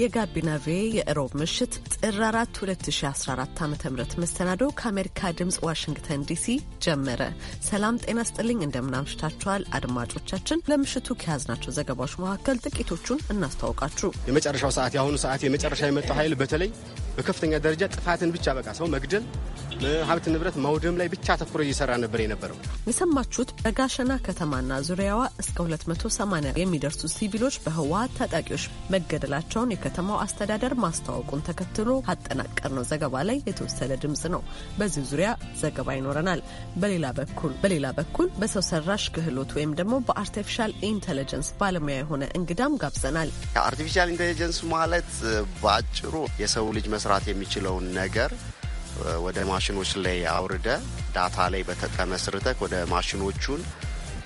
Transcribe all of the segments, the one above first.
የጋቢና ቬ የእሮብ ምሽት ጥር 4 2014 ዓ ም መሰናዶ ከአሜሪካ ድምፅ ዋሽንግተን ዲሲ ጀመረ። ሰላም ጤና ስጥልኝ፣ እንደምናምሽታችኋል አድማጮቻችን። ለምሽቱ ከያዝናቸው ዘገባዎች መካከል ጥቂቶቹን እናስታውቃችሁ። የመጨረሻው ሰዓት የአሁኑ ሰዓት የመጨረሻ የመጣው ኃይል በተለይ በከፍተኛ ደረጃ ጥፋትን ብቻ በቃ ሰው መግደል ሀብት ንብረት ማውደም ላይ ብቻ አተኩሮ እየሰራ ነበር የነበረው። የሰማችሁት በጋሸና ከተማና ዙሪያዋ እስከ 280 የሚደርሱ ሲቪሎች በህወሀት ታጣቂዎች መገደላቸውን የከተማው አስተዳደር ማስታወቁን ተከትሎ አጠናቀርነው ዘገባ ላይ የተወሰደ ድምጽ ነው። በዚህ ዙሪያ ዘገባ ይኖረናል። በሌላ በኩል በሌላ በኩል በሰው ሰራሽ ክህሎት ወይም ደግሞ በአርቲፊሻል ኢንቴሊጀንስ ባለሙያ የሆነ እንግዳም ጋብዘናል። አርቲፊሻል ኢንቴሊጀንስ ማለት በአጭሩ የሰው ልጅ መስራት የሚችለውን ነገር ወደ ማሽኖች ላይ አውርደ ዳታ ላይ ተመስርተህ ወደ ማሽኖቹን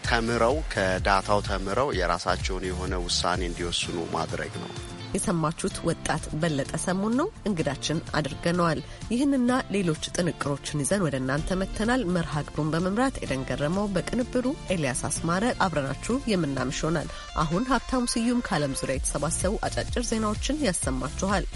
ተምረው ከዳታው ተምረው የራሳቸውን የሆነ ውሳኔ እንዲወስኑ ማድረግ ነው። የሰማችሁት ወጣት በለጠ ሰሙን ነው። እንግዳችን አድርገነዋል። ይህንና ሌሎች ጥንቅሮችን ይዘን ወደ እናንተ መጥተናል። መርሃ ግብሩን በመምራት ኤደን ገረመው፣ በቅንብሩ ኤልያስ አስማረ አብረናችሁ የምናምሽ ይሆናል። አሁን ሀብታሙ ስዩም ከዓለም ዙሪያ የተሰባሰቡ አጫጭር ዜናዎችን ያሰማችኋል።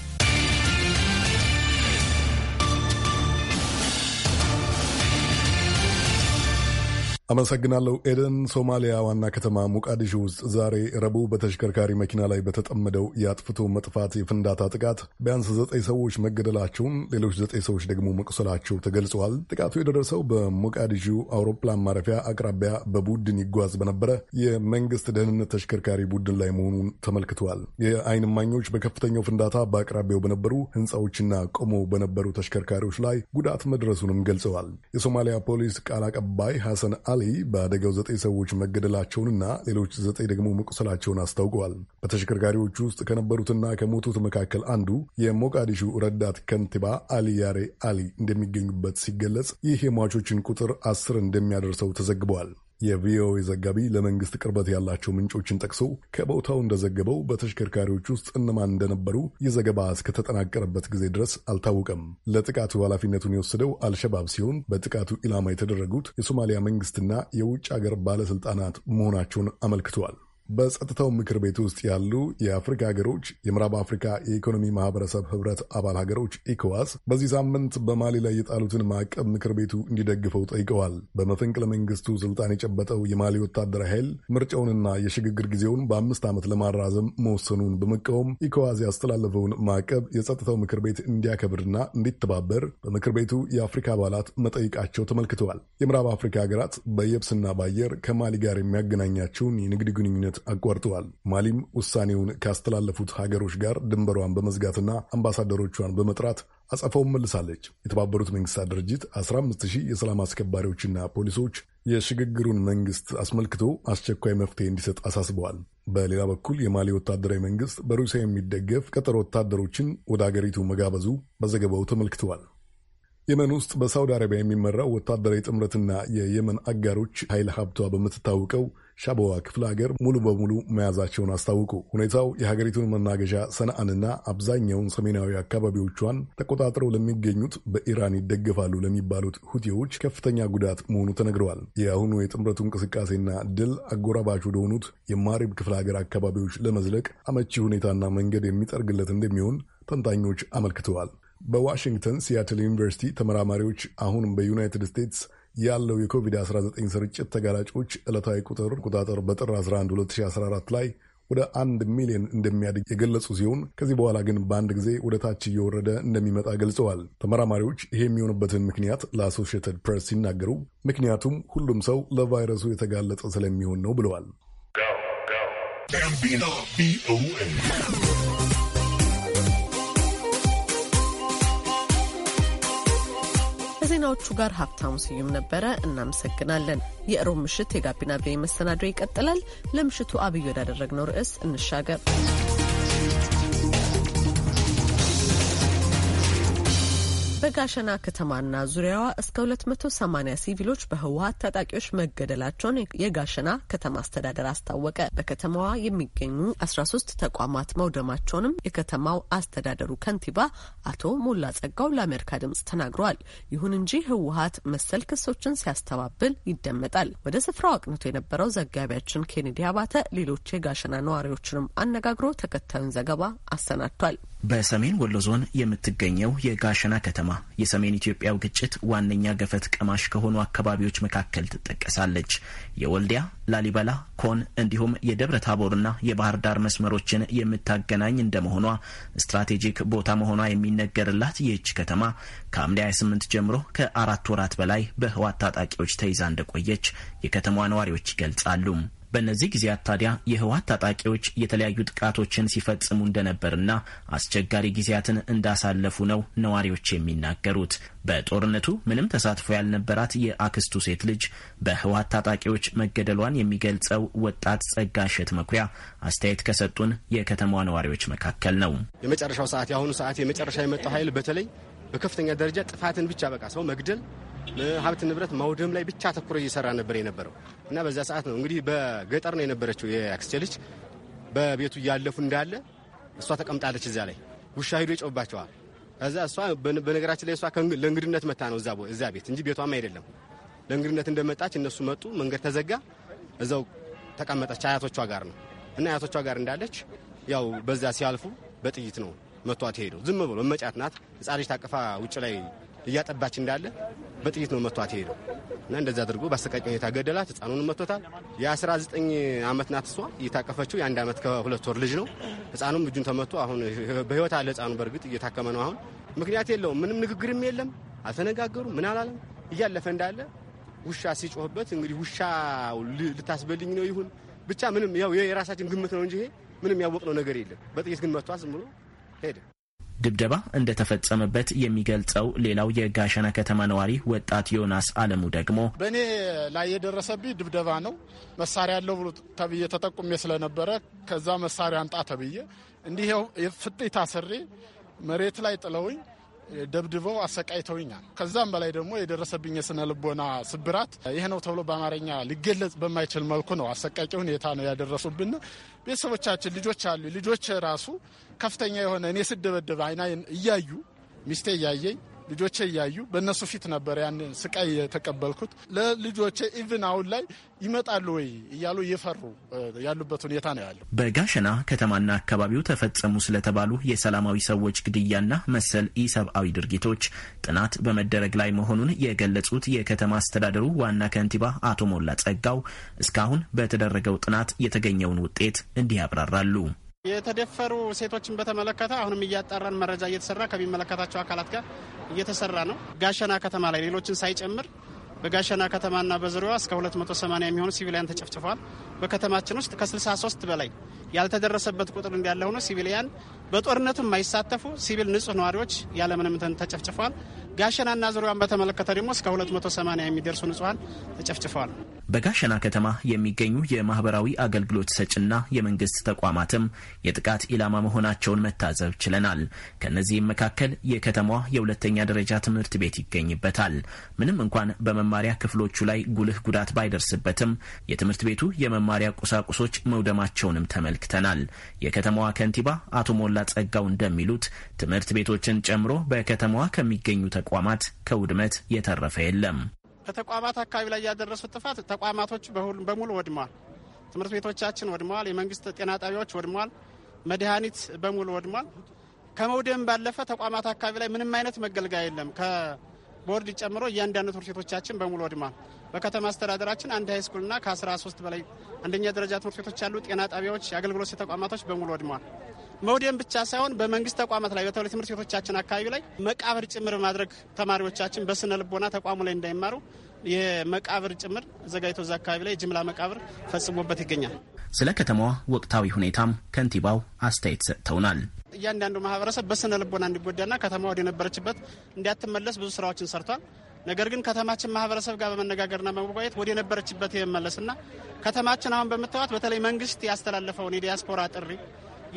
አመሰግናለሁ ኤደን። ሶማሊያ ዋና ከተማ ሞቃዲሾ ውስጥ ዛሬ ረቡዕ በተሽከርካሪ መኪና ላይ በተጠመደው የአጥፍቶ መጥፋት የፍንዳታ ጥቃት ቢያንስ ዘጠኝ ሰዎች መገደላቸውን፣ ሌሎች ዘጠኝ ሰዎች ደግሞ መቁሰላቸው ተገልጸዋል። ጥቃቱ የደረሰው በሞቃዲሾ አውሮፕላን ማረፊያ አቅራቢያ በቡድን ይጓዝ በነበረ የመንግስት ደህንነት ተሽከርካሪ ቡድን ላይ መሆኑን ተመልክተዋል። የአይን እማኞች በከፍተኛው ፍንዳታ በአቅራቢያው በነበሩ ህንፃዎችና ቆመው በነበሩ ተሽከርካሪዎች ላይ ጉዳት መድረሱንም ገልጸዋል። የሶማሊያ ፖሊስ ቃል አቀባይ ሐሰን አሊ በአደጋው ዘጠኝ ሰዎች መገደላቸውንና ሌሎች ዘጠኝ ደግሞ መቁሰላቸውን አስታውቀዋል። በተሽከርካሪዎቹ ውስጥ ከነበሩትና ከሞቱት መካከል አንዱ የሞቃዲሹ ረዳት ከንቲባ አሊ ያሬ አሊ እንደሚገኙበት ሲገለጽ፣ ይህ የሟቾችን ቁጥር አስር እንደሚያደርሰው ተዘግበዋል። የቪኦኤ ዘጋቢ ለመንግስት ቅርበት ያላቸው ምንጮችን ጠቅሶ ከቦታው እንደዘገበው በተሽከርካሪዎች ውስጥ እነማን እንደነበሩ የዘገባ እስከተጠናቀረበት ጊዜ ድረስ አልታወቀም። ለጥቃቱ ኃላፊነቱን የወሰደው አልሸባብ ሲሆን በጥቃቱ ኢላማ የተደረጉት የሶማሊያ መንግስትና የውጭ አገር ባለስልጣናት መሆናቸውን አመልክተዋል። በጸጥታው ምክር ቤት ውስጥ ያሉ የአፍሪካ ሀገሮች የምዕራብ አፍሪካ የኢኮኖሚ ማህበረሰብ ህብረት አባል ሀገሮች ኢኮዋስ በዚህ ሳምንት በማሊ ላይ የጣሉትን ማዕቀብ ምክር ቤቱ እንዲደግፈው ጠይቀዋል። በመፈንቅለ መንግስቱ ስልጣን የጨበጠው የማሊ ወታደራዊ ኃይል ምርጫውንና የሽግግር ጊዜውን በአምስት ዓመት ለማራዘም መወሰኑን በመቃወም ኢኮዋስ ያስተላለፈውን ማዕቀብ የጸጥታው ምክር ቤት እንዲያከብርና እንዲተባበር በምክር ቤቱ የአፍሪካ አባላት መጠይቃቸው ተመልክተዋል። የምዕራብ አፍሪካ ሀገራት በየብስና በአየር ከማሊ ጋር የሚያገናኛቸውን የንግድ ግንኙነት አቋርጠዋል። ማሊም ውሳኔውን ካስተላለፉት ሀገሮች ጋር ድንበሯን በመዝጋትና አምባሳደሮቿን በመጥራት አጸፋውን መልሳለች። የተባበሩት መንግስታት ድርጅት 15000 የሰላም አስከባሪዎችና ፖሊሶች የሽግግሩን መንግስት አስመልክቶ አስቸኳይ መፍትሄ እንዲሰጥ አሳስበዋል። በሌላ በኩል የማሊ ወታደራዊ መንግስት በሩሲያ የሚደገፍ ቀጠሮ ወታደሮችን ወደ አገሪቱ መጋበዙ በዘገባው ተመልክተዋል። የመን ውስጥ በሳውዲ አረቢያ የሚመራው ወታደራዊ ጥምረትና የየመን አጋሮች ኃይል ሀብቷ በምትታወቀው ሻበዋ ክፍለ ሀገር ሙሉ በሙሉ መያዛቸውን አስታውቁ። ሁኔታው የሀገሪቱን መናገዣ ሰንዓንና አብዛኛውን ሰሜናዊ አካባቢዎቿን ተቆጣጥረው ለሚገኙት በኢራን ይደገፋሉ ለሚባሉት ሁቴዎች ከፍተኛ ጉዳት መሆኑ ተነግረዋል። የአሁኑ የጥምረቱ እንቅስቃሴና ድል አጎራባች ወደሆኑት የማሪብ ክፍለ ሀገር አካባቢዎች ለመዝለቅ አመቺ ሁኔታና መንገድ የሚጠርግለት እንደሚሆን ተንታኞች አመልክተዋል። በዋሽንግተን ሲያትል ዩኒቨርሲቲ ተመራማሪዎች አሁንም በዩናይትድ ስቴትስ ያለው የኮቪድ-19 ስርጭት ተጋላጮች ዕለታዊ ቁጥር ቁጣጠር በጥር 11 2014 ላይ ወደ አንድ ሚሊዮን እንደሚያድግ የገለጹ ሲሆን ከዚህ በኋላ ግን በአንድ ጊዜ ወደ ታች እየወረደ እንደሚመጣ ገልጸዋል። ተመራማሪዎች ይሄ የሚሆንበትን ምክንያት ለአሶሺየትድ ፕሬስ ሲናገሩ ምክንያቱም ሁሉም ሰው ለቫይረሱ የተጋለጠ ስለሚሆን ነው ብለዋል። ከዜናዎቹ ጋር ሀብታሙ ስዩም ነበረ። እናመሰግናለን። የእሮብ ምሽት የጋቢና ቪኦኤ መሰናዶ ይቀጥላል። ለምሽቱ አብይ ወዳደረግነው ርዕስ እንሻገር። በጋሸና ከተማና ዙሪያዋ እስከ 280 ሲቪሎች በህወሀት ታጣቂዎች መገደላቸውን የጋሸና ከተማ አስተዳደር አስታወቀ። በከተማዋ የሚገኙ 13 ተቋማት መውደማቸውንም የከተማው አስተዳደሩ ከንቲባ አቶ ሞላ ጸጋው ለአሜሪካ ድምጽ ተናግረዋል። ይሁን እንጂ ህወሀት መሰል ክሶችን ሲያስተባብል ይደመጣል። ወደ ስፍራው አቅንቶ የነበረው ዘጋቢያችን ኬኔዲ አባተ ሌሎች የጋሸና ነዋሪዎችንም አነጋግሮ ተከታዩን ዘገባ አሰናድቷል። በሰሜን ወሎ ዞን የምትገኘው የጋሸና ከተማ የሰሜን ኢትዮጵያው ግጭት ዋነኛ ገፈት ቀማሽ ከሆኑ አካባቢዎች መካከል ትጠቀሳለች። የወልዲያ፣ ላሊበላ፣ ኮን እንዲሁም የደብረ ታቦርና የባህር ዳር መስመሮችን የምታገናኝ እንደመሆኗ ስትራቴጂክ ቦታ መሆኗ የሚነገርላት ይህች ከተማ ከሐምሌ 28 ጀምሮ ከአራት ወራት በላይ በህዋት ታጣቂዎች ተይዛ እንደቆየች የከተማዋ ነዋሪዎች ይገልጻሉ። በእነዚህ ጊዜያት ታዲያ የህወሀት ታጣቂዎች የተለያዩ ጥቃቶችን ሲፈጽሙ እንደነበርና አስቸጋሪ ጊዜያትን እንዳሳለፉ ነው ነዋሪዎች የሚናገሩት። በጦርነቱ ምንም ተሳትፎ ያልነበራት የአክስቱ ሴት ልጅ በህወሀት ታጣቂዎች መገደሏን የሚገልጸው ወጣት ጸጋ እሸት መኩሪያ አስተያየት ከሰጡን የከተማዋ ነዋሪዎች መካከል ነው። የመጨረሻው ሰዓት የአሁኑ ሰዓት የመጨረሻ የመጣው ኃይል በተለይ በከፍተኛ ደረጃ ጥፋትን ብቻ በቃ ሰው መግደል ሀብት ንብረት ማውደም ላይ ብቻ ተኩሮ እየሰራ ነበር የነበረው እና በዛ ሰዓት ነው እንግዲህ በገጠር ነው የነበረችው የአክስቴ ልጅ። በቤቱ እያለፉ እንዳለ እሷ ተቀምጣለች እዛ ላይ ውሻ ሂዶ ይጨውባቸዋል ከዛ እሷ በነገራችን ላይ እሷ ለእንግድነት መታ ነው እዛ ቤት እንጂ ቤቷም አይደለም። ለእንግድነት እንደመጣች እነሱ መጡ፣ መንገድ ተዘጋ፣ እዛው ተቀመጠች አያቶቿ ጋር ነው እና አያቶቿ ጋር እንዳለች ያው በዛ ሲያልፉ በጥይት ነው መቷት ሄደው ዝም ብሎ መጫት ናት። ልጅ ታቅፋ ውጭ ላይ እያጠባች እንዳለ በጥይት ነው መቷት የሄደው እና እንደዚህ አድርጎ በአሰቃቂ ሁኔታ ገደላት። ህፃኑን መቶታል። የ19 ዓመት ናት እሷ እየታቀፈችው የአንድ ዓመት ከሁለት ወር ልጅ ነው። ህፃኑም እጁን ተመቶ አሁን በህይወት አለ ህፃኑ። በእርግጥ እየታከመ ነው አሁን። ምክንያት የለውም ምንም ንግግርም የለም። አልተነጋገሩ ምን አላለም። እያለፈ እንዳለ ውሻ ሲጮህበት እንግዲህ ውሻ ልታስበልኝ ነው ይሁን ብቻ ምንም ያው የራሳችን ግምት ነው እንጂ ይሄ ምንም ያወቅነው ነገር የለም። በጥይት ግን መቷ ዝም ብሎ ሄደ። ድብደባ እንደተፈጸመበት የሚገልጸው ሌላው የጋሸና ከተማ ነዋሪ ወጣት ዮናስ አለሙ ደግሞ በእኔ ላይ የደረሰብኝ ድብደባ ነው። መሳሪያ ያለው ብሎ ተብዬ ተጠቁሜ ስለነበረ ከዛ መሳሪያ አንጣ ተብዬ እንዲህ ፍጥኝ ታስሬ መሬት ላይ ጥለውኝ ደብድበው አሰቃይተውኛል። ከዛም በላይ ደግሞ የደረሰብኝ የስነ ልቦና ስብራት ይህ ነው ተብሎ በአማርኛ ሊገለጽ በማይችል መልኩ ነው አሰቃቂ ሁኔታ ነው ያደረሱብን። ቤተሰቦቻችን ልጆች አሉ። ልጆች ራሱ ከፍተኛ የሆነ እኔ ስደበደበ አይና እያዩ ሚስቴ እያየኝ ልጆቼ እያዩ በእነሱ ፊት ነበር ያን ስቃይ የተቀበልኩት። ለልጆቼ ኢቭን አሁን ላይ ይመጣሉ ወይ እያሉ እየፈሩ ያሉበት ሁኔታ ነው ያለው። በጋሸና ከተማና አካባቢው ተፈጸሙ ስለተባሉ የሰላማዊ ሰዎች ግድያና መሰል ኢሰብአዊ ድርጊቶች ጥናት በመደረግ ላይ መሆኑን የገለጹት የከተማ አስተዳደሩ ዋና ከንቲባ አቶ ሞላ ጸጋው እስካሁን በተደረገው ጥናት የተገኘውን ውጤት እንዲህ ያብራራሉ። የተደፈሩ ሴቶችን በተመለከተ አሁንም እያጣራን መረጃ እየተሰራ ከሚመለከታቸው አካላት ጋር እየተሰራ ነው። ጋሸና ከተማ ላይ ሌሎችን ሳይጨምር በጋሸና ከተማና በዙሪያዋ እስከ 280 የሚሆኑ ሲቪሊያን ተጨፍጭፏል። በከተማችን ውስጥ ከ63 በላይ ያልተደረሰበት ቁጥር እንዳለ ሆኖ ሲቪሊያን በጦርነቱ የማይሳተፉ ሲቪል ንጹህ ነዋሪዎች ያለምንም እንትን ተጨፍጭፏል። ጋሸናና ዙሪያዋን በተመለከተ ደግሞ እስከ 280 የሚደርሱ ንጹሐን ተጨፍጭፈዋል። በጋሸና ከተማ የሚገኙ የማህበራዊ አገልግሎት ሰጭና የመንግስት ተቋማትም የጥቃት ኢላማ መሆናቸውን መታዘብ ችለናል። ከእነዚህም መካከል የከተማዋ የሁለተኛ ደረጃ ትምህርት ቤት ይገኝበታል። ምንም እንኳን በመማሪያ ክፍሎቹ ላይ ጉልህ ጉዳት ባይደርስበትም የትምህርት ቤቱ የመማሪያ ቁሳቁሶች መውደማቸውንም ተመልክተናል። የከተማዋ ከንቲባ አቶ ሞላ ጸጋው እንደሚሉት ትምህርት ቤቶችን ጨምሮ በከተማዋ ከሚገኙ ተቋማት ከውድመት የተረፈ የለም። በተቋማት አካባቢ ላይ ያደረሱት ጥፋት ተቋማቶች በሙሉ ወድመዋል። ትምህርት ቤቶቻችን ወድመዋል። የመንግስት ጤና ጣቢያዎች ወድመዋል። መድኃኒት በሙሉ ወድሟል። ከመውደም ባለፈ ተቋማት አካባቢ ላይ ምንም አይነት መገልገያ የለም። ከቦርድ ጨምሮ እያንዳንዱ ትምህርት ቤቶቻችን በሙሉ ወድመዋል። በከተማ አስተዳደራችን አንድ ሃይስኩልና ከ13 በላይ አንደኛ ደረጃ ትምህርት ቤቶች ያሉ ጤና ጣቢያዎች፣ የአገልግሎት ተቋማቶች በሙሉ ወድመዋል። መውደም ብቻ ሳይሆን በመንግስት ተቋማት ላይ በተለይ ትምህርት ቤቶቻችን አካባቢ ላይ መቃብር ጭምር ማድረግ ተማሪዎቻችን በስነ ልቦና ተቋሙ ላይ እንዳይማሩ የመቃብር ጭምር ዘጋጅቶ እዛ አካባቢ ላይ ጅምላ መቃብር ፈጽሞበት ይገኛል። ስለ ከተማዋ ወቅታዊ ሁኔታም ከንቲባው አስተያየት ሰጥተውናል። እያንዳንዱ ማህበረሰብ በስነ ልቦና እንዲጎዳና ከተማ ወደ ነበረችበት እንዲያትመለስ ብዙ ስራዎችን ሰርቷል። ነገር ግን ከተማችን ማህበረሰብ ጋር በመነጋገርና በመጓየት ወደ ነበረችበት የመመለስና ከተማችን አሁን በምታዋት በተለይ መንግስት ያስተላለፈውን የዲያስፖራ ጥሪ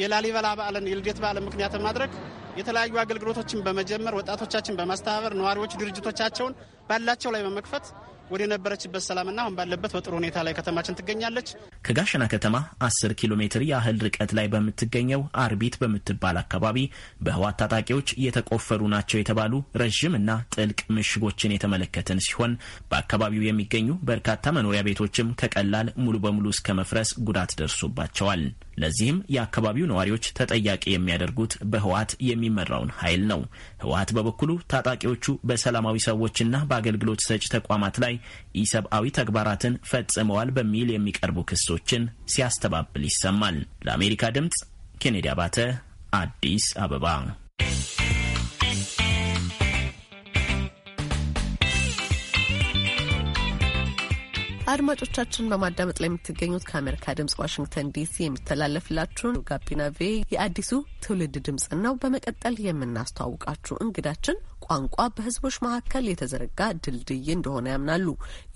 የላሊበላ በዓልን የልደት በዓልን ምክንያት በማድረግ የተለያዩ አገልግሎቶችን በመጀመር ወጣቶቻችን በማስተባበር ነዋሪዎች ድርጅቶቻቸውን ባላቸው ላይ በመክፈት ወደ ነበረችበት ሰላምና አሁን ባለበት በጥሩ ሁኔታ ላይ ከተማችን ትገኛለች። ከጋሸና ከተማ 10 ኪሎ ሜትር ያህል ርቀት ላይ በምትገኘው አርቢት በምትባል አካባቢ በህዋት ታጣቂዎች የተቆፈሩ ናቸው የተባሉ ረዥም ጥልቅ ምሽጎችን የተመለከትን ሲሆን በአካባቢው የሚገኙ በርካታ መኖሪያ ቤቶችም ከቀላል ሙሉ በሙሉ እስከ መፍረስ ጉዳት ደርሶባቸዋል። ለዚህም የአካባቢው ነዋሪዎች ተጠያቂ የሚያደርጉት በህወሀት የሚመራውን ኃይል ነው። ህወሀት በበኩሉ ታጣቂዎቹ በሰላማዊ ሰዎችና በአገልግሎት ሰጪ ተቋማት ላይ ኢሰብአዊ ተግባራትን ፈጽመዋል በሚል የሚቀርቡ ክሶችን ሲያስተባብል ይሰማል። ለአሜሪካ ድምፅ ኬኔዲ አባተ አዲስ አበባ አድማጮቻችን በማዳመጥ ላይ የምትገኙት ከአሜሪካ ድምጽ ዋሽንግተን ዲሲ የሚተላለፍላችሁን ጋቢና ቬ የአዲሱ ትውልድ ድምጽ ነው። በመቀጠል የምናስተዋውቃችሁ እንግዳችን ቋንቋ በህዝቦች መካከል የተዘረጋ ድልድይ እንደሆነ ያምናሉ።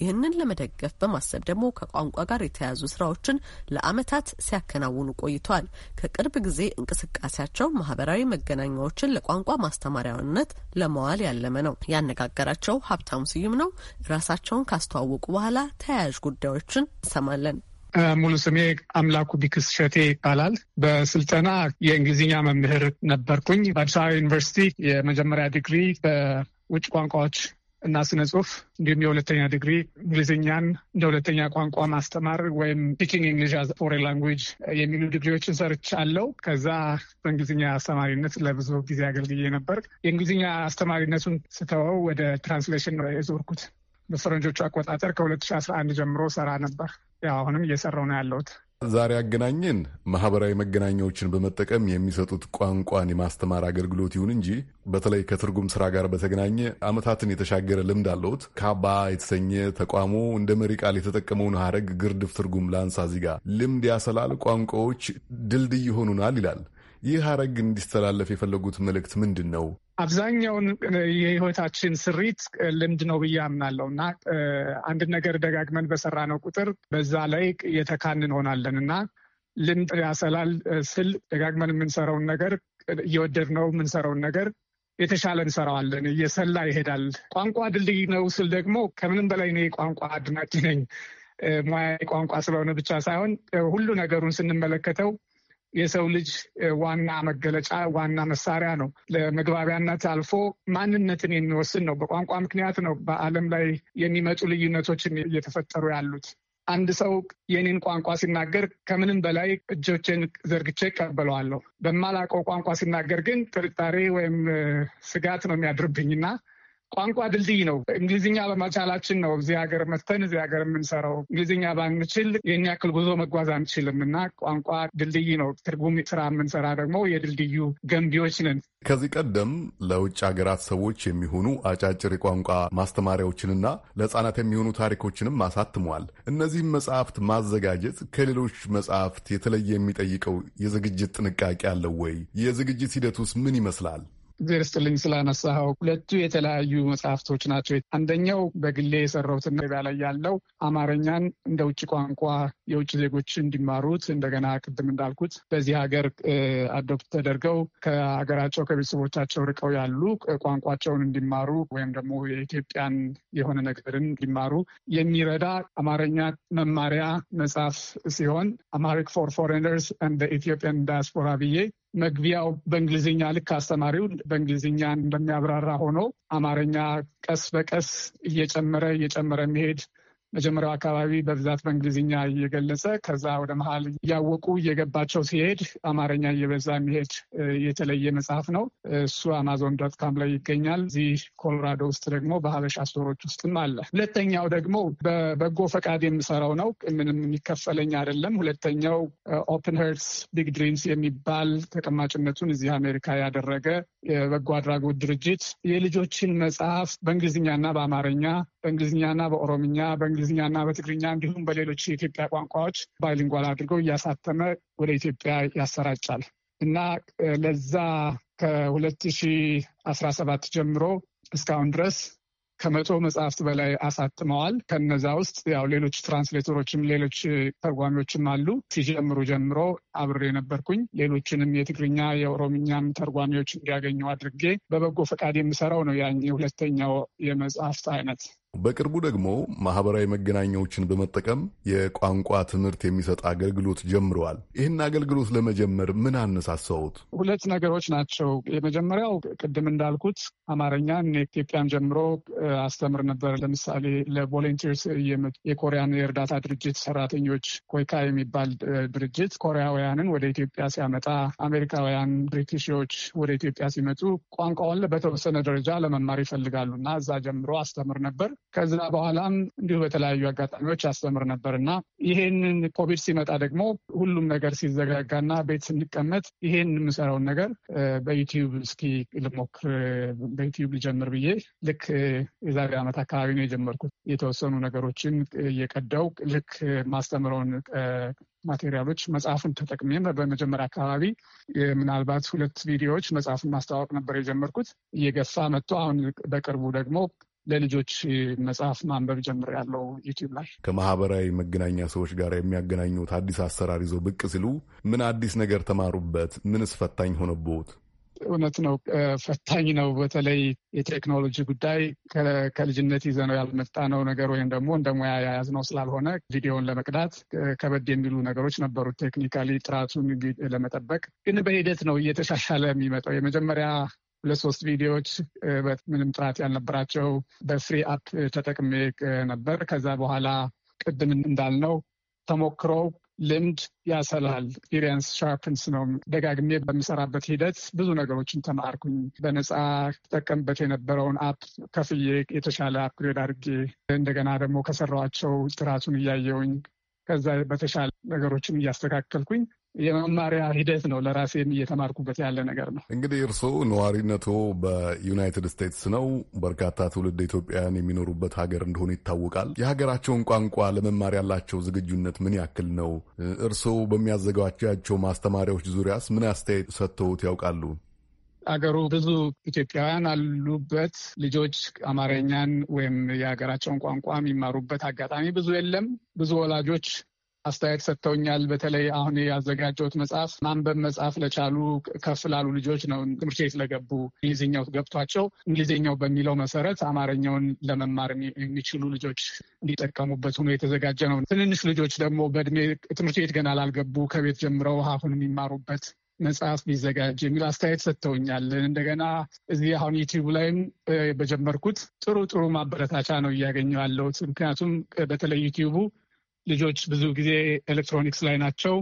ይህንን ለመደገፍ በማሰብ ደግሞ ከቋንቋ ጋር የተያያዙ ስራዎችን ለአመታት ሲያከናውኑ ቆይተዋል። ከቅርብ ጊዜ እንቅስቃሴያቸው ማህበራዊ መገናኛዎችን ለቋንቋ ማስተማሪያነት ለመዋል ያለመ ነው። ያነጋገራቸው ሀብታሙ ስዩም ነው። ራሳቸውን ካስተዋወቁ በኋላ ተያያዥ ጉዳዮችን እንሰማለን። ሙሉ ስሜ አምላኩ ቢክስ ሸቴ ይባላል። በስልጠና የእንግሊዝኛ መምህር ነበርኩኝ። በአዲስ አበባ ዩኒቨርሲቲ የመጀመሪያ ዲግሪ በውጭ ቋንቋዎች እና ስነ ጽሁፍ እንዲሁም የሁለተኛ ዲግሪ እንግሊዝኛን እንደ ሁለተኛ ቋንቋ ማስተማር ወይም ፒኪንግ እንግሊሽ አዝ ፎሬን ላንጉጅ የሚሉ ዲግሪዎችን ሰርቻለሁ። ከዛ በእንግሊዝኛ አስተማሪነት ለብዙ ጊዜ አገልግዬ ነበር። የእንግሊዝኛ አስተማሪነቱን ስተወው ወደ ትራንስሌሽን የዞርኩት በፈረንጆቹ አቆጣጠር ከ2011 ጀምሮ ሰራ ነበር። ያው አሁንም እየሰራው ነው ያለሁት። ዛሬ አገናኘን ማህበራዊ መገናኛዎችን በመጠቀም የሚሰጡት ቋንቋን የማስተማር አገልግሎት ይሁን እንጂ በተለይ ከትርጉም ስራ ጋር በተገናኘ አመታትን የተሻገረ ልምድ አለሁት። ካባ የተሰኘ ተቋሞ እንደ መሪ ቃል የተጠቀመውን ሀረግ ግርድፍ ትርጉም ላንሳ ዚጋ ልምድ ያሰላል፣ ቋንቋዎች ድልድይ ይሆኑናል ይላል። ይህ ሀረግ እንዲስተላለፍ የፈለጉት መልእክት ምንድን ነው? አብዛኛውን የህይወታችን ስሪት ልምድ ነው ብዬ አምናለሁ እና አንድ ነገር ደጋግመን በሰራ ነው ቁጥር በዛ ላይ የተካን እንሆናለን እና ልምድ ያሰላል ስል ደጋግመን የምንሰራውን ነገር እየወደድነው የምንሰራውን ነገር የተሻለ እንሰራዋለን። እየሰላ ይሄዳል። ቋንቋ ድልድይ ነው ስል ደግሞ ከምንም በላይ እኔ ቋንቋ አድናቂ ነኝ። ሙያ ቋንቋ ስለሆነ ብቻ ሳይሆን ሁሉ ነገሩን ስንመለከተው የሰው ልጅ ዋና መገለጫ ዋና መሳሪያ ነው። ለመግባቢያነት አልፎ ማንነትን የሚወስን ነው። በቋንቋ ምክንያት ነው በዓለም ላይ የሚመጡ ልዩነቶችን እየተፈጠሩ ያሉት። አንድ ሰው የኔን ቋንቋ ሲናገር ከምንም በላይ እጆቼን ዘርግቼ ይቀበለዋለሁ። በማላውቀው ቋንቋ ሲናገር ግን ጥርጣሬ ወይም ስጋት ነው የሚያድርብኝና ቋንቋ ድልድይ ነው። እንግሊዝኛ በመቻላችን ነው እዚህ ሀገር መጥተን እዚህ ሀገር የምንሰራው። እንግሊዝኛ ባንችል ይህን ያክል ጉዞ መጓዝ አንችልም እና ቋንቋ ድልድይ ነው። ትርጉም ስራ የምንሰራ ደግሞ የድልድዩ ገንቢዎች ነን። ከዚህ ቀደም ለውጭ ሀገራት ሰዎች የሚሆኑ አጫጭር የቋንቋ ማስተማሪያዎችንና ለህጻናት የሚሆኑ ታሪኮችንም አሳትመዋል። እነዚህም መጽሐፍት ማዘጋጀት ከሌሎች መጽሐፍት የተለየ የሚጠይቀው የዝግጅት ጥንቃቄ አለው ወይ? የዝግጅት ሂደት ውስጥ ምን ይመስላል? እግዜር ይስጥልኝ ስላነሳኸው። ሁለቱ የተለያዩ መጽሐፍቶች ናቸው። አንደኛው በግሌ የሰራሁትና ገበያ ላይ ያለው አማርኛን እንደ ውጭ ቋንቋ የውጭ ዜጎች እንዲማሩት እንደገና ቅድም እንዳልኩት በዚህ ሀገር አዶፕት ተደርገው ከሀገራቸው ከቤተሰቦቻቸው ርቀው ያሉ ቋንቋቸውን እንዲማሩ ወይም ደግሞ የኢትዮጵያን የሆነ ነገርን እንዲማሩ የሚረዳ አማርኛ መማሪያ መጽሐፍ ሲሆን አማሪክ ፎር ፎሬነርስ ኢትዮጵያን ዳያስፖራ ብዬ መግቢያው በእንግሊዝኛ ልክ አስተማሪው በእንግሊዝኛ እንደሚያብራራ ሆኖ አማርኛ ቀስ በቀስ እየጨመረ እየጨመረ መሄድ መጀመሪያው አካባቢ በብዛት በእንግሊዝኛ እየገለጸ ከዛ ወደ መሀል እያወቁ እየገባቸው ሲሄድ አማርኛ እየበዛ የሚሄድ የተለየ መጽሐፍ ነው። እሱ አማዞን ዶት ካም ላይ ይገኛል። እዚህ ኮሎራዶ ውስጥ ደግሞ በሀበሻ ስቶሮች ውስጥም አለ። ሁለተኛው ደግሞ በበጎ ፈቃድ የምሰራው ነው። ምንም የሚከፈለኝ አይደለም። ሁለተኛው ኦፕን ሄርትስ ቢግ ድሪምስ የሚባል ተቀማጭነቱን እዚህ አሜሪካ ያደረገ የበጎ አድራጎት ድርጅት የልጆችን መጽሐፍ በእንግሊዝኛና በአማርኛ በእንግሊዝኛና በኦሮምኛ በእንግሊዝኛና በትግርኛ እንዲሁም በሌሎች የኢትዮጵያ ቋንቋዎች ባይሊንጓል አድርገው እያሳተመ ወደ ኢትዮጵያ ያሰራጫል እና ለዛ ከ2017 ጀምሮ እስካሁን ድረስ ከመቶ መጽሐፍት በላይ አሳትመዋል። ከነዛ ውስጥ ያው ሌሎች ትራንስሌተሮችም ሌሎች ተርጓሚዎችም አሉ። ሲጀምሩ ጀምሮ አብሬ ነበርኩኝ። ሌሎችንም የትግርኛ የኦሮምኛም ተርጓሚዎች እንዲያገኙ አድርጌ በበጎ ፈቃድ የምሰራው ነው ያ የሁለተኛው የመጽሐፍት አይነት በቅርቡ ደግሞ ማህበራዊ መገናኛዎችን በመጠቀም የቋንቋ ትምህርት የሚሰጥ አገልግሎት ጀምረዋል። ይህን አገልግሎት ለመጀመር ምን አነሳሳውት? ሁለት ነገሮች ናቸው። የመጀመሪያው ቅድም እንዳልኩት አማርኛን ኢትዮጵያን ጀምሮ አስተምር ነበር። ለምሳሌ ለቮለንቲርስ የኮሪያን የእርዳታ ድርጅት ሰራተኞች ኮይካ የሚባል ድርጅት ኮሪያውያንን ወደ ኢትዮጵያ ሲያመጣ፣ አሜሪካውያን ብሪቲሽዎች ወደ ኢትዮጵያ ሲመጡ ቋንቋውን በተወሰነ ደረጃ ለመማር ይፈልጋሉ እና እዛ ጀምሮ አስተምር ነበር። ከዛ በኋላም እንዲሁ በተለያዩ አጋጣሚዎች ያስተምር ነበር እና ይሄንን ኮቪድ ሲመጣ ደግሞ ሁሉም ነገር ሲዘጋጋና ቤት ስንቀመጥ ይሄን የምሰራውን ነገር በዩቲዩብ እስኪ ልሞክር በዩቲዩብ ልጀምር ብዬ ልክ የዛሬ ዓመት አካባቢ ነው የጀመርኩት። የተወሰኑ ነገሮችን እየቀዳው ልክ ማስተምረውን ማቴሪያሎች መጽሐፉን ተጠቅሜ በመጀመሪያ አካባቢ ምናልባት ሁለት ቪዲዮዎች መጽሐፉን ማስተዋወቅ ነበር የጀመርኩት። እየገፋ መጥቶ አሁን በቅርቡ ደግሞ ለልጆች መጽሐፍ ማንበብ ጀምር ያለው ዩቲዩብ ላይ። ከማህበራዊ መገናኛ ሰዎች ጋር የሚያገናኙት አዲስ አሰራር ይዘው ብቅ ሲሉ ምን አዲስ ነገር ተማሩበት? ምንስ ፈታኝ ሆነቦት? እውነት ነው፣ ፈታኝ ነው። በተለይ የቴክኖሎጂ ጉዳይ ከልጅነት ይዘነው ያልመጣነው ነገር ወይም ደግሞ እንደ ሙያ የያዝነው ስላልሆነ ቪዲዮን ለመቅዳት ከበድ የሚሉ ነገሮች ነበሩ፣ ቴክኒካሊ ጥራቱን ለመጠበቅ ግን በሂደት ነው እየተሻሻለ የሚመጣው። የመጀመሪያ ሁለት ሶስት ቪዲዮዎች ምንም ጥራት ያልነበራቸው በፍሪ አፕ ተጠቅሜ ነበር። ከዛ በኋላ ቅድም እንዳልነው ተሞክሮ ልምድ ያሰላል። ኤክስፒሪየንስ ሻርፕንስ ነው። ደጋግሜ በምሰራበት ሂደት ብዙ ነገሮችን ተማርኩኝ። በነፃ ተጠቀምበት የነበረውን አፕ ከፍዬ የተሻለ አፕግሬድ አድርጌ እንደገና ደግሞ ከሰራኋቸው ጥራቱን እያየውኝ ከዛ በተሻለ ነገሮችን እያስተካከልኩኝ የመማሪያ ሂደት ነው። ለራሴም እየተማርኩበት ያለ ነገር ነው። እንግዲህ እርስዎ ነዋሪነቶ በዩናይትድ ስቴትስ ነው። በርካታ ትውልድ ኢትዮጵያውያን የሚኖሩበት ሀገር እንደሆነ ይታወቃል። የሀገራቸውን ቋንቋ ለመማር ያላቸው ዝግጁነት ምን ያክል ነው? እርስዎ በሚያዘጋጃቸው ማስተማሪያዎች ዙሪያስ ምን አስተያየት ሰጥተውት ያውቃሉ? አገሩ ብዙ ኢትዮጵያውያን አሉበት። ልጆች አማርኛን ወይም የሀገራቸውን ቋንቋ የሚማሩበት አጋጣሚ ብዙ የለም። ብዙ ወላጆች አስተያየት ሰጥተውኛል። በተለይ አሁን ያዘጋጀሁት መጽሐፍ ማንበብ መጽሐፍ ለቻሉ ከፍ ላሉ ልጆች ነው። ትምህርት ቤት ለገቡ እንግሊዝኛው ገብቷቸው እንግሊዝኛው በሚለው መሰረት አማርኛውን ለመማር የሚችሉ ልጆች እንዲጠቀሙበት ሆኖ የተዘጋጀ ነው። ትንንሽ ልጆች ደግሞ በእድሜ ትምህርት ቤት ገና ላልገቡ ከቤት ጀምረው ሀሁን የሚማሩበት መጽሐፍ ቢዘጋጅ የሚል አስተያየት ሰጥተውኛል። እንደገና እዚህ አሁን ዩቲዩብ ላይም በጀመርኩት ጥሩ ጥሩ ማበረታቻ ነው እያገኘሁ ያለሁት። ምክንያቱም በተለይ ዩቲዩቡ ልጆች ብዙ ጊዜ ኤሌክትሮኒክስ ላይ ናቸው፣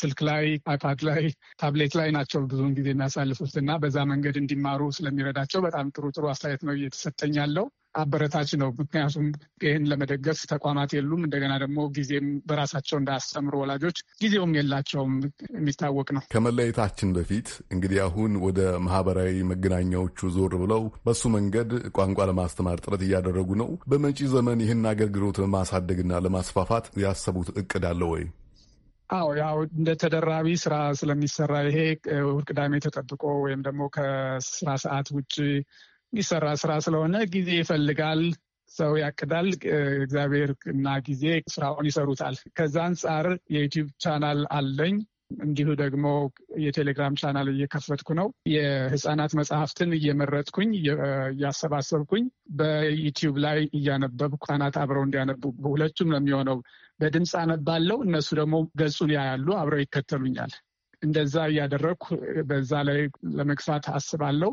ስልክ ላይ፣ አይፓድ ላይ፣ ታብሌት ላይ ናቸው ብዙውን ጊዜ የሚያሳልፉት እና በዛ መንገድ እንዲማሩ ስለሚረዳቸው በጣም ጥሩ ጥሩ አስተያየት ነው እየተሰጠኝ ያለው። አበረታች ነው። ምክንያቱም ይህን ለመደገፍ ተቋማት የሉም። እንደገና ደግሞ ጊዜም በራሳቸው እንዳያስተምሩ ወላጆች ጊዜውም የላቸውም። የሚታወቅ ነው። ከመለየታችን በፊት እንግዲህ አሁን ወደ ማህበራዊ መገናኛዎቹ ዞር ብለው በሱ መንገድ ቋንቋ ለማስተማር ጥረት እያደረጉ ነው። በመጪ ዘመን ይህን አገልግሎት ለማሳደግና ለማስፋፋት ያሰቡት እቅድ አለ ወይ? አዎ ያው እንደ ተደራቢ ስራ ስለሚሰራ ይሄ እሑድ ቅዳሜ ተጠብቆ ወይም ደግሞ ከስራ ሰዓት ውጭ የሚሰራ ስራ ስለሆነ ጊዜ ይፈልጋል። ሰው ያቅዳል። እግዚአብሔር እና ጊዜ ስራውን ይሰሩታል። ከዛ አንጻር የዩቲዩብ ቻናል አለኝ። እንዲሁ ደግሞ የቴሌግራም ቻናል እየከፈትኩ ነው። የህፃናት መጽሐፍትን እየመረጥኩኝ እያሰባሰብኩኝ በዩቲዩብ ላይ እያነበብኩ ህፃናት አብረው እንዲያነቡ በሁለቱም ነው የሚሆነው። በድምፅ አነባለው፣ እነሱ ደግሞ ገጹን ያያሉ፣ አብረው ይከተሉኛል። እንደዛ እያደረግኩ በዛ ላይ ለመግፋት አስባለሁ።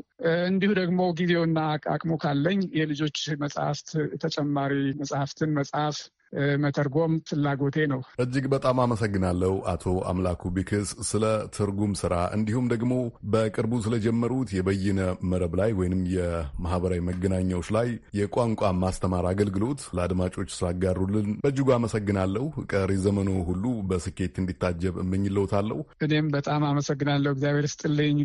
እንዲሁ ደግሞ ጊዜውና አቅሙ ካለኝ የልጆች መጽሐፍት ተጨማሪ መጽሐፍትን መጽሐፍ መተርጎም ፍላጎቴ ነው። እጅግ በጣም አመሰግናለሁ አቶ አምላኩ ቢክስ ስለ ትርጉም ስራ እንዲሁም ደግሞ በቅርቡ ስለጀመሩት የበይነ መረብ ላይ ወይንም የማህበራዊ መገናኛዎች ላይ የቋንቋ ማስተማር አገልግሎት ለአድማጮች ስላጋሩልን በእጅጉ አመሰግናለሁ። ቀሪ ዘመኑ ሁሉ በስኬት እንዲታጀብ እመኝልዎታለሁ። እኔም በጣም አመሰግናለሁ። እግዚአብሔር ስጥልኝ።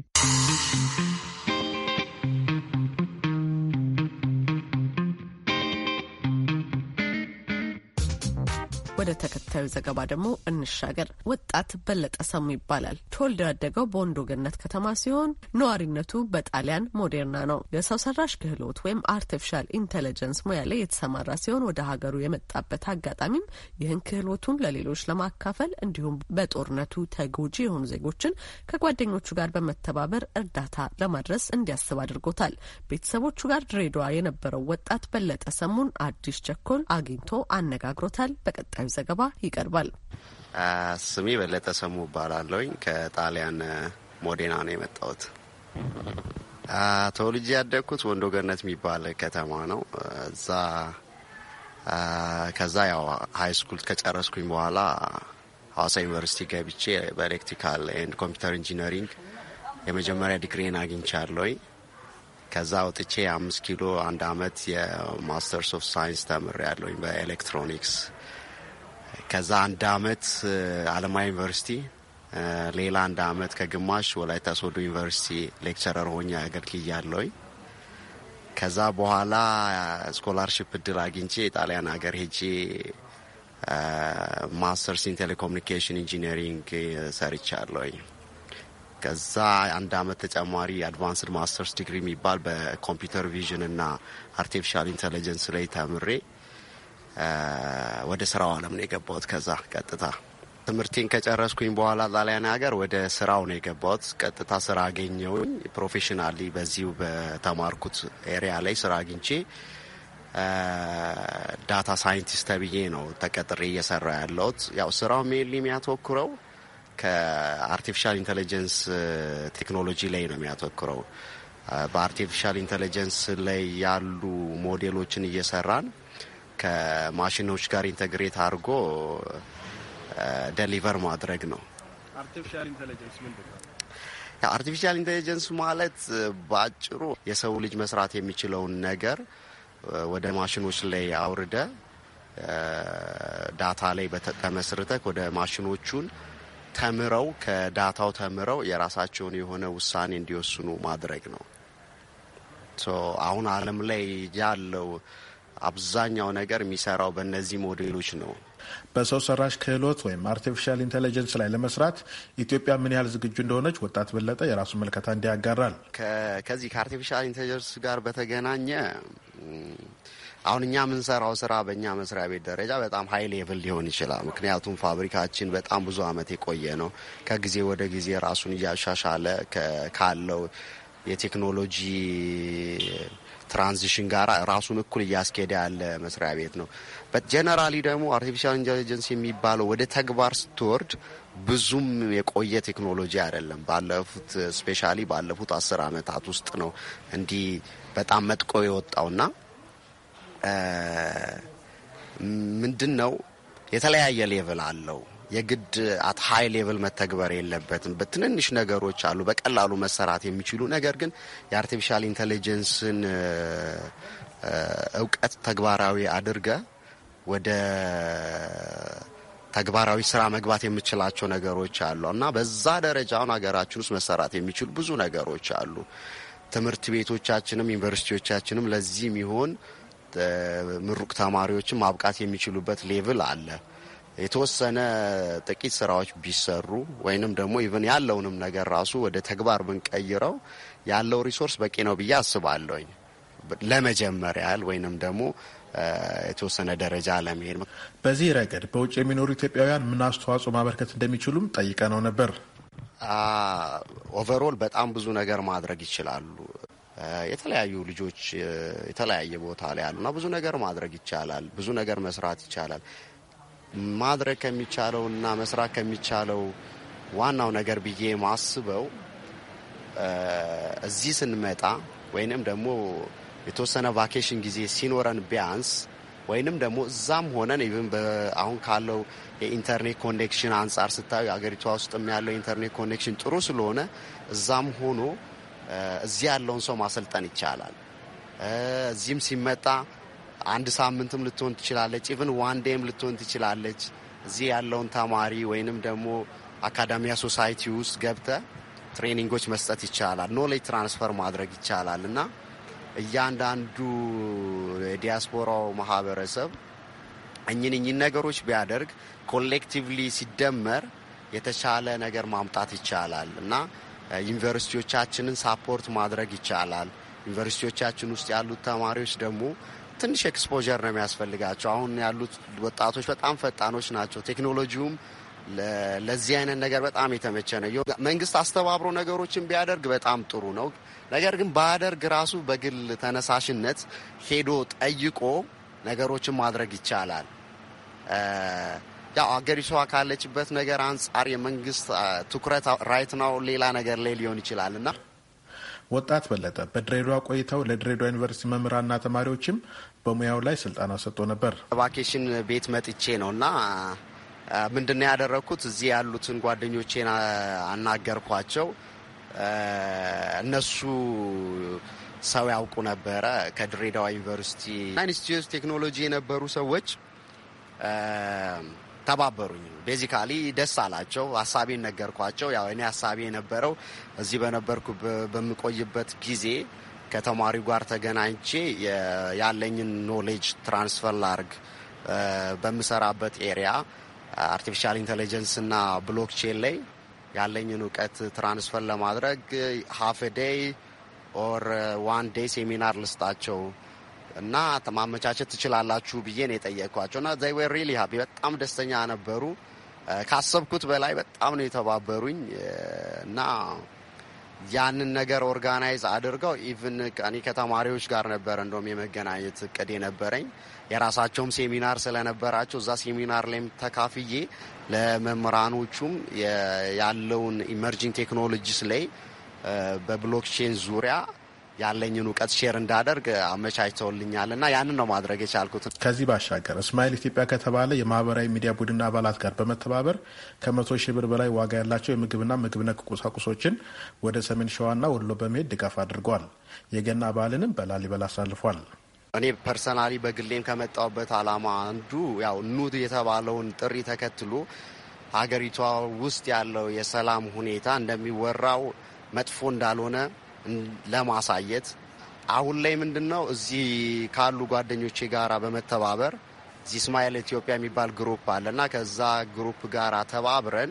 ወደ ተከታዩ ዘገባ ደግሞ እንሻገር። ወጣት በለጠ ሰሙ ይባላል። ተወልዶ ያደገው በወንዶ ገነት ከተማ ሲሆን ነዋሪነቱ በጣሊያን ሞዴርና ነው። የሰው ሰራሽ ክህሎት ወይም አርቲፊሻል ኢንቴሊጀንስ ሙያ ላይ የተሰማራ ሲሆን ወደ ሀገሩ የመጣበት አጋጣሚም ይህን ክህሎቱን ለሌሎች ለማካፈል እንዲሁም በጦርነቱ ተጎጂ የሆኑ ዜጎችን ከጓደኞቹ ጋር በመተባበር እርዳታ ለማድረስ እንዲያስብ አድርጎታል። ቤተሰቦቹ ጋር ድሬዳዋ የነበረው ወጣት በለጠ ሰሙን አዲስ ቸኮል አግኝቶ አነጋግሮታል። በቀጣዩ ዘገባ ይቀርባል። ስሜ በለጠ ሰሙ እባላለሁኝ። ከጣሊያን ሞዴና ነው የመጣሁት። ተወልጄ ያደግኩት ወንዶ ገነት የሚባል ከተማ ነው። እዛ ከዛ ያው ሀይ ስኩል ከጨረስኩኝ በኋላ ሀዋሳ ዩኒቨርሲቲ ገብቼ በኤሌክትሪካል ኤንድ ኮምፒውተር ኢንጂነሪንግ የመጀመሪያ ዲግሪን አግኝቻለሁኝ። ከዛ ወጥቼ አምስት ኪሎ አንድ አመት የማስተርስ ኦፍ ሳይንስ ተምሬያለሁኝ በኤሌክትሮኒክስ ከዛ አንድ አመት አለማ ዩኒቨርሲቲ፣ ሌላ አንድ አመት ከግማሽ ወላይታ ሶዶ ዩኒቨርሲቲ ሌክቸረር ሆኜ አገልግዬ ከዛ በኋላ ስኮላርሽፕ እድል አግኝቼ የጣሊያን ሀገር ሄጄ ማስተርስ ኢን ቴሌኮሙኒኬሽን ኢንጂነሪንግ ሰርቻለሁኝ። ከዛ አንድ አመት ተጨማሪ አድቫንስድ ማስተርስ ዲግሪ የሚባል በኮምፒውተር ቪዥን እና አርቲፊሻል ኢንቴሊጀንስ ላይ ተምሬ ወደ ስራው አለም ነው የገባሁት። ከዛ ቀጥታ ትምህርቴን ከጨረስኩኝ በኋላ ጣሊያን ሀገር ወደ ስራው ነው የገባሁት። ቀጥታ ስራ አገኘውኝ። ፕሮፌሽናሊ በዚሁ በተማርኩት ኤሪያ ላይ ስራ አግኝቼ ዳታ ሳይንቲስት ተብዬ ነው ተቀጥሬ እየሰራ ያለሁት። ያው ስራው ሜንሊ የሚያተኩረው ከአርቲፊሻል ኢንቴሊጀንስ ቴክኖሎጂ ላይ ነው የሚያተኩረው። በአርቲፊሻል ኢንቴሊጀንስ ላይ ያሉ ሞዴሎችን እየሰራን ከማሽኖች ጋር ኢንተግሬት አድርጎ ደሊቨር ማድረግ ነው። አርቲፊሻል ኢንቴሊጀንስ ማለት በአጭሩ የሰው ልጅ መስራት የሚችለውን ነገር ወደ ማሽኖች ላይ አውርደ ዳታ ላይ ተመስርተህ ወደ ማሽኖቹን ተምረው ከዳታው ተምረው የራሳቸውን የሆነ ውሳኔ እንዲወስኑ ማድረግ ነው። አሁን ዓለም ላይ ያለው አብዛኛው ነገር የሚሰራው በእነዚህ ሞዴሎች ነው። በሰው ሰራሽ ክህሎት ወይም አርቲፊሻል ኢንቴሊጀንስ ላይ ለመስራት ኢትዮጵያ ምን ያህል ዝግጁ እንደሆነች ወጣት በለጠ የራሱን መልከታ እንዲህ ያጋራል። ከዚህ ከአርቲፊሻል ኢንቴሊጀንስ ጋር በተገናኘ አሁን እኛ የምንሰራው ስራ በእኛ መስሪያ ቤት ደረጃ በጣም ሀይ ሌቭል ሊሆን ይችላል። ምክንያቱም ፋብሪካችን በጣም ብዙ አመት የቆየ ነው። ከጊዜ ወደ ጊዜ ራሱን እያሻሻለ ካለው የቴክኖሎጂ ትራንዚሽን ጋር ራሱን እኩል እያስኬደ ያለ መስሪያ ቤት ነው። ጀነራሊ ደግሞ አርቲፊሻል ኢንቴሊጀንስ የሚባለው ወደ ተግባር ስትወርድ ብዙም የቆየ ቴክኖሎጂ አይደለም። ባለፉት ስፔሻሊ ባለፉት አስር አመታት ውስጥ ነው እንዲህ በጣም መጥቆ የወጣውና ምንድን ነው የተለያየ ሌቭል አለው የግድ አት ሀይ ሌቭል መተግበር የለበትም። በትንንሽ ነገሮች አሉ በቀላሉ መሰራት የሚችሉ ነገር ግን የአርቲፊሻል ኢንቴሊጀንስን እውቀት ተግባራዊ አድርገ ወደ ተግባራዊ ስራ መግባት የምችላቸው ነገሮች አሉ እና በዛ ደረጃ አሁን ሀገራችን ውስጥ መሰራት የሚችሉ ብዙ ነገሮች አሉ። ትምህርት ቤቶቻችንም ዩኒቨርሲቲዎቻችንም ለዚህ የሚሆን ምሩቅ ተማሪዎችን ማብቃት የሚችሉበት ሌቭል አለ። የተወሰነ ጥቂት ስራዎች ቢሰሩ ወይንም ደግሞ ኢቨን ያለውንም ነገር ራሱ ወደ ተግባር ብንቀይረው ያለው ሪሶርስ በቂ ነው ብዬ አስባለሁኝ። ለመጀመር ያህል ወይንም ደግሞ የተወሰነ ደረጃ ለመሄድ በዚህ ረገድ በውጭ የሚኖሩ ኢትዮጵያውያን ምን አስተዋጽኦ ማበርከት እንደሚችሉም ጠይቀ ነው ነበር። ኦቨሮል በጣም ብዙ ነገር ማድረግ ይችላሉ። የተለያዩ ልጆች የተለያየ ቦታ ላይ ያሉና ብዙ ነገር ማድረግ ይቻላል። ብዙ ነገር መስራት ይቻላል። ማድረግ ከሚቻለው እና መስራት ከሚቻለው ዋናው ነገር ብዬ ማስበው እዚህ ስንመጣ ወይንም ደግሞ የተወሰነ ቫኬሽን ጊዜ ሲኖረን ቢያንስ ወይንም ደግሞ እዛም ሆነን ኢቭን አሁን ካለው የኢንተርኔት ኮኔክሽን አንጻር ስታዩ አገሪቷ ውስጥም ያለው ኢንተርኔት ኮኔክሽን ጥሩ ስለሆነ እዛም ሆኖ እዚህ ያለውን ሰው ማሰልጠን ይቻላል። እዚህም ሲመጣ አንድ ሳምንትም ልትሆን ትችላለች። ኢቨን ዋን ዴም ልትሆን ትችላለች። እዚህ ያለውን ተማሪ ወይንም ደግሞ አካዳሚያ ሶሳይቲ ውስጥ ገብተ ትሬኒንጎች መስጠት ይቻላል። ኖሌጅ ትራንስፈር ማድረግ ይቻላል እና እያንዳንዱ የዲያስፖራው ማህበረሰብ እኝን እኝን ነገሮች ቢያደርግ ኮሌክቲቭሊ ሲደመር የተሻለ ነገር ማምጣት ይቻላል እና ዩኒቨርሲቲዎቻችንን ሳፖርት ማድረግ ይቻላል። ዩኒቨርሲቲዎቻችን ውስጥ ያሉት ተማሪዎች ደግሞ ትንሽ ኤክስፖጀር ነው የሚያስፈልጋቸው። አሁን ያሉት ወጣቶች በጣም ፈጣኖች ናቸው። ቴክኖሎጂውም ለዚህ አይነት ነገር በጣም የተመቸ ነው። መንግስት አስተባብሮ ነገሮችን ቢያደርግ በጣም ጥሩ ነው። ነገር ግን ባያደርግ ራሱ በግል ተነሳሽነት ሄዶ ጠይቆ ነገሮችን ማድረግ ይቻላል። ያው አገሪቷ ካለችበት ነገር አንጻር የመንግስት ትኩረት ራይት ነው ሌላ ነገር ላይ ሊሆን ይችላል እና ወጣት በለጠ በድሬዳዋ ቆይተው ለድሬዳዋ ዩኒቨርሲቲ መምህራንና ተማሪዎችም በሙያው ላይ ስልጠና ሰጥቶ ነበር። ቫኬሽን ቤት መጥቼ ነው እና ምንድነው ያደረግኩት? እዚህ ያሉትን ጓደኞቼን አናገርኳቸው። እነሱ ሰው ያውቁ ነበረ ከድሬዳዋ ዩኒቨርሲቲ ኢንስቲትዩት ቴክኖሎጂ የነበሩ ሰዎች ተባበሩኝ። ቤዚካሊ ደስ አላቸው። ሀሳቤን ነገርኳቸው። ያው እኔ ሀሳቤ የነበረው እዚህ በነበርኩ በምቆይበት ጊዜ ከተማሪው ጋር ተገናኝቼ ያለኝን ኖሌጅ ትራንስፈር ላርግ በምሰራበት ኤሪያ አርቲፊሻል ኢንቴሊጀንስና ብሎክቼን ላይ ያለኝን እውቀት ትራንስፈር ለማድረግ ሀፍ ዴይ ኦር ዋን ዴይ ሴሚናር ልስጣቸው እና ማመቻቸት ትችላላችሁ ብዬ ነው የጠየቅኳቸው እና ዘይ ዌር ሪሊ ሀቢ በጣም ደስተኛ ነበሩ። ካሰብኩት በላይ በጣም ነው የተባበሩኝ እና ያንን ነገር ኦርጋናይዝ አድርገው ኢቭን እኔ ከተማሪዎች ጋር ነበር እንደውም የመገናኘት እቅድ የነበረኝ። የራሳቸውም ሴሚናር ስለነበራቸው እዛ ሴሚናር ላይም ተካፍዬ ለመምህራኖቹም ያለውን ኢመርጂንግ ቴክኖሎጂስ ላይ በብሎክቼን ዙሪያ ያለኝን እውቀት ሼር እንዳደርግ አመቻችተውልኛል እና ያንን ነው ማድረግ የቻልኩት። ከዚህ ባሻገር እስማኤል ኢትዮጵያ ከተባለ የማህበራዊ ሚዲያ ቡድን አባላት ጋር በመተባበር ከመቶ ሺህ ብር በላይ ዋጋ ያላቸው የምግብና ምግብ ነክ ቁሳቁሶችን ወደ ሰሜን ሸዋና ወሎ በመሄድ ድጋፍ አድርጓል። የገና በዓልንም በላሊበላ አሳልፏል። እኔ ፐርሰናሊ በግሌም ከመጣሁበት አላማ አንዱ ያው ኑ የተባለውን ጥሪ ተከትሎ ሀገሪቷ ውስጥ ያለው የሰላም ሁኔታ እንደሚወራው መጥፎ እንዳልሆነ ለማሳየት አሁን ላይ ምንድን ነው እዚህ ካሉ ጓደኞቼ ጋራ በመተባበር እዚህ እስማኤል ኢትዮጵያ የሚባል ግሩፕ አለና ከዛ ግሩፕ ጋር ተባብረን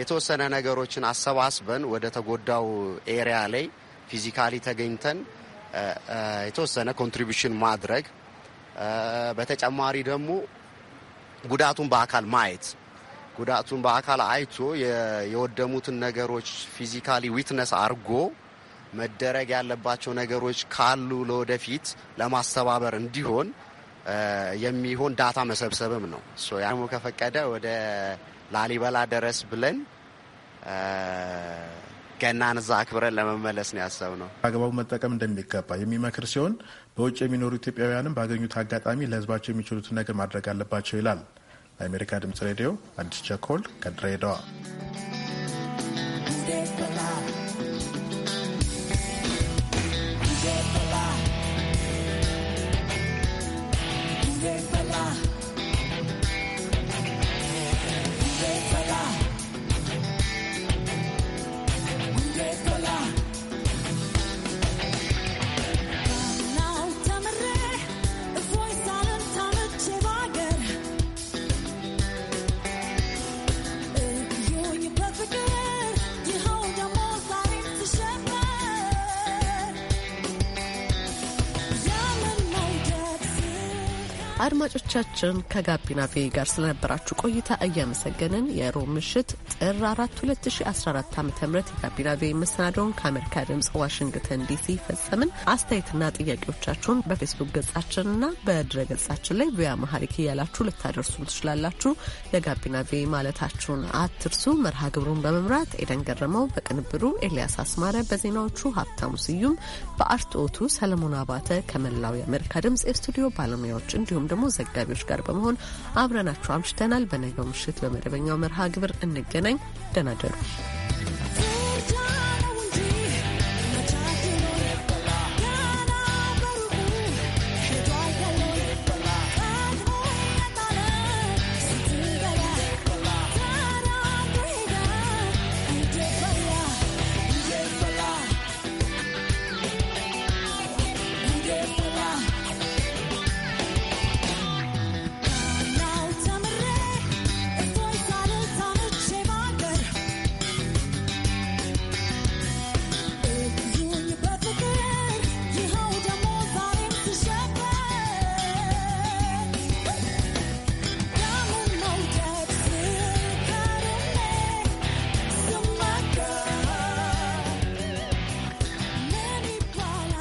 የተወሰነ ነገሮችን አሰባስበን ወደ ተጎዳው ኤሪያ ላይ ፊዚካሊ ተገኝተን የተወሰነ ኮንትሪቢሽን ማድረግ በተጨማሪ ደግሞ ጉዳቱን በአካል ማየት ጉዳቱን በአካል አይቶ የወደሙትን ነገሮች ፊዚካሊ ዊትነስ አድርጎ መደረግ ያለባቸው ነገሮች ካሉ ለወደፊት ለማስተባበር እንዲሆን የሚሆን ዳታ መሰብሰብም ነው። ያሞ ከፈቀደ ወደ ላሊበላ ደረስ ብለን ገናን እዛ አክብረን ለመመለስ ነው ነው። አግባቡ መጠቀም እንደሚገባ የሚመክር ሲሆን በውጭ የሚኖሩ ኢትዮጵያውያንም ባገኙት አጋጣሚ ለሕዝባቸው የሚችሉትን ነገር ማድረግ አለባቸው ይላል። ለአሜሪካ ድምጽ ሬዲዮ አዲስ ቸኮል ከድሬዳዋ አድማጮቻችን ከጋቢና ቪ ጋር ስለነበራችሁ ቆይታ እያመሰገንን የሮብ ምሽት ጥር 4 2014 ዓ ም የጋቢና ቪኦኤ መሰናዶውን ከአሜሪካ ድምፅ ዋሽንግተን ዲሲ ፈጸምን። አስተያየትና ጥያቄዎቻችሁን በፌስቡክ ገጻችንና በድረ ገጻችን ላይ ቪያ መሀሪክ እያላችሁ ልታደርሱን ትችላላችሁ። ለጋቢና ቪኦኤ ማለታችሁን አትርሱ። መርሃ ግብሩን በመምራት ኤደን ገረመው፣ በቅንብሩ ኤልያስ አስማረ፣ በዜናዎቹ ሀብታሙ ስዩም፣ በአርትኦቱ ሰለሞን አባተ ከመላው የአሜሪካ ድምፅ የስቱዲዮ ባለሙያዎች እንዲሁም ደግሞ ዘጋቢዎች ጋር በመሆን አብረናችሁ አምሽተናል። በነገው ምሽት በመደበኛው መርሃ ግብር እንገናኝ። ስለምንገናኝ ደህና ደሩ።